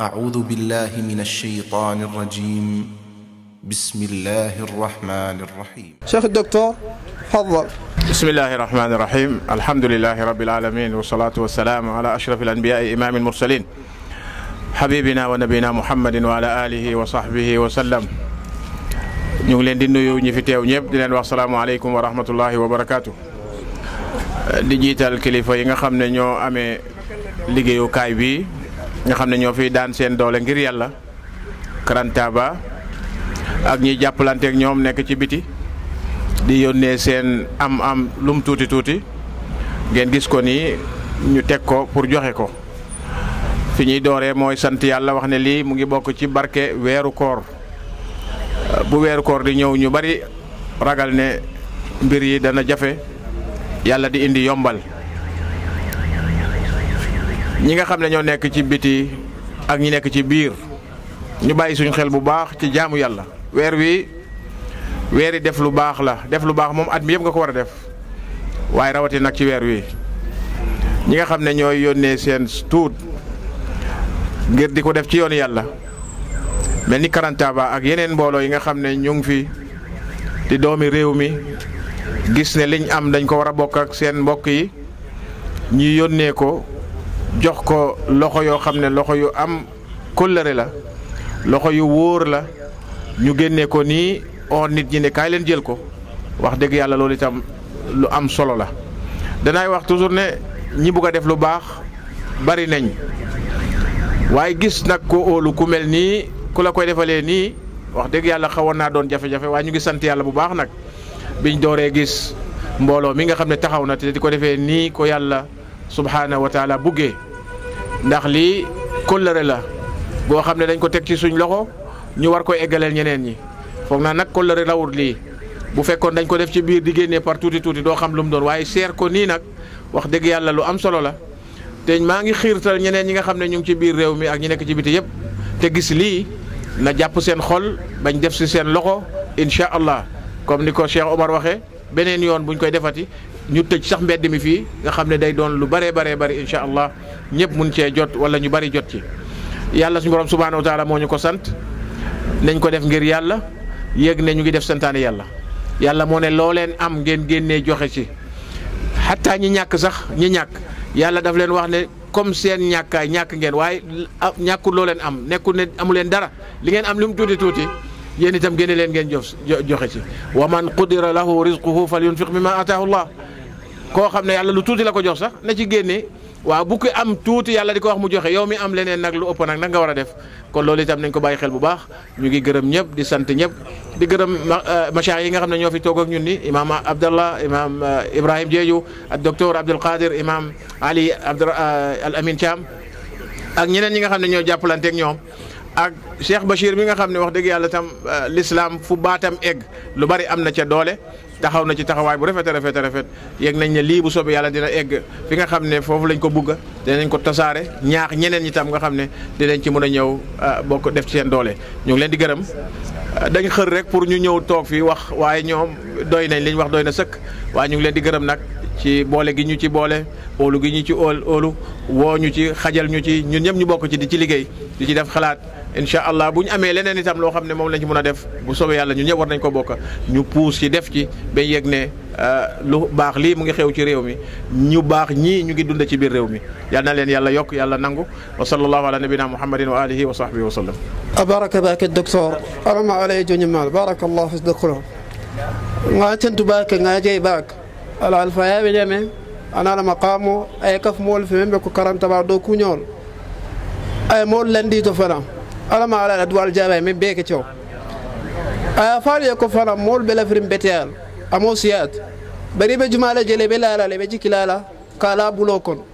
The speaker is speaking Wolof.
أعوذ بالله من الشيطان الرجيم بسم الله الرحمن الرحيم شيخ الدكتور تفضل بسم الله الرحمن الرحيم الحمد لله رب العالمين والصلاة والسلام على أشرف الأنبياء إمام المرسلين حبيبنا ونبينا محمد وعلى آله وصحبه وسلم ñu ngi leen di nuyu ñi fi teew ñëpp di leen wax salaamaaleykum wa rahmatullahi wa barakaatu di jiital kilifa nga xamne ño fi daan seen doole ngir yàlla karantaba ak ñi ak ñom nek ci biti di yónnee seen am am lum tuti-tuti ngeen gis ko ni ñu tek ko pour joxe ko fi ñi doore moy sant yalla wax ne lii mu ngi bok ci barke wéru koor bu wéru koor di ñew ñu bari ragal ne mbir yi dana jafé yalla di indi yombal ñi nga xam ne ñoo nekk ci biti ak ñi nekk ci biir ñu bàyyi suñu xel bu baax ci jaamu yàlla weer wi weeri def lu baax la def lu baax moom at mi yëpp nga ko war a def waaye rawati nag ci weer wi ñi nga xam ne ñooy yónnee seen tuut ngir di ko def ci yoonu yàlla mel ni karantaba ak yeneen mbooloo yi nga xam ne ñu ngi fi di doomi réew mi gis ne liñ am dañ ko war a bokk ak seen mbokk yi ñi yónnee ko jox ko loxo yoo xam ne loxo yu am kóllëre la loxo yu wóor la ñu génnee ko nii on nit ñi ne kaay leen jël ko wax dëgg yàlla loolu itam lu am solo la. danay wax toujours ne ñi bugg a def lu baax bari nañ waaye gis nag ko óolu ku mel nii ku la koy defalee nii wax dëgg yàlla xawoon naa doon jafe-jafe waaye ñu ngi sant yàlla bu baax nag biñ dooree gis mbooloo mi nga xam ne taxaw na te di ko defee nii ko yàlla subhaana wa taala buggee. ndax lii kóllëre la boo xam ne dañ ko teg ci suñ loxo ñu war koy eggaleel ñeneen ñi foog naa nag kóllëre rawut lii bu fekkoon dañ ko def ci biir di génnee par tuuti tuuti doo xam lu mu doon waaye seer ko nii nag wax dëgg yàlla lu am solo la te maa ngi xiirtal ñeneen ñi nga xam ne ñu ngi ci biir réew mi ak ñu nekk ci biti yëpp te gis lii na jàpp seen xol bañ def si seen loxo incha allah comme ni ko Cheikh Omar waxee beneen yoon bu buñ koy defati ñu tëj sax mbedd mi fii nga xam ne day doon lu bëree baree bëri incha allah ñëpp mun cee jot wala ñu bëri jot ci yàlla su borom subhaana wa taala moo ñu ko sant nañ ko def ngir yàlla yëg ne ñu ngi def santaane yàlla yàlla moo ne loo leen am ngeen génnee joxe ci xataa ñi ñàkk sax ñi ñàkk yàlla daf leen wax ne comme seen ñàkkaay ñàkk ngeen waaye ah, ñàkkul loo leen am nekkul ne amu leen dara li ngeen am li mu tuuti tuuti yéen itam génne leen ngeen jox joxe ci wa man koo xam ne yàlla lu tuuti la ko jox sax na ci génne waaw bu ko am tuuti yàlla di ko wax mu joxe yow mi am leneen nag lu ëpp nag nag nga war a def kon loolu itam nañ ko bàyyi xel bu baax ñu ngi gërëm ñëpp di sant ñëpp di gërëm euh, machaayix yi nga xam ne ñoo fi toog ak ñun ni imaam Abdallah imaam euh, Ibrahim Diédhiou ak docteur Abdoul Qadir imaam Ali Abdoul euh, Amin Thiam ak ñeneen ñi nga xam ne ñoo jàppalanteeg ñoom. ak Cheikh Bachir mi nga xam ne wax dëgg yàlla tam euh, lislaam fu baatam egg lu bari am na ca doole taxaw na ci taxawaay bu rafet a rafet a rafet yegg nañ ne lii bu sobee yàlla dina egg fi nga xam ne foofu lañ ko bugg dinañ ko tasaare ñaax ñeneen ñi tam nga xam ne dinañ ci mën a ñëw euh, bokk def ci seen doole ñu leen di gërëm euh, dañ xër rek pour ñu ñëw toog fii wax waaye ñoom doy nañ li ñu wax doy na sëkk waa ñu ngi leen di gërëm nag ci boole gi ñu ci boole óolu gi ñu ci óol óolu woo ñu ci xajal ñu ci ñun ñëpp ñu bokk ci di ci liggéey di ci def xalaat incha allah bu ñu amee leneen itam loo xam ne moom lañ ci mën a def bu soobee yàlla ñun ñëpp war nañ ko bokk ñu puus ci def ci ba yegg ne lu baax lii mu ngi xew ci réew mi ñu baax ñii ñu ngi dund ci biir réew mi yal na leen yàlla yokk yàlla nangu wa sallallahu ala nabina muhammadin wa alihi wa sahbihi wa sallam baraka baake docteur alama alay joñi mal barakallahu fi dukro nga tentu baake nga jey baake ala alfaya be deme ana la maqamo ay kaf mol fe membe ko karanta ba do ku nyol ay mol lendi to fana ala ma ala adwal jaba me be ke ciow ay faal ye ko fana mol be la firim betel amo siyat bari be jumala jele be la la be jikilala kala bulo kon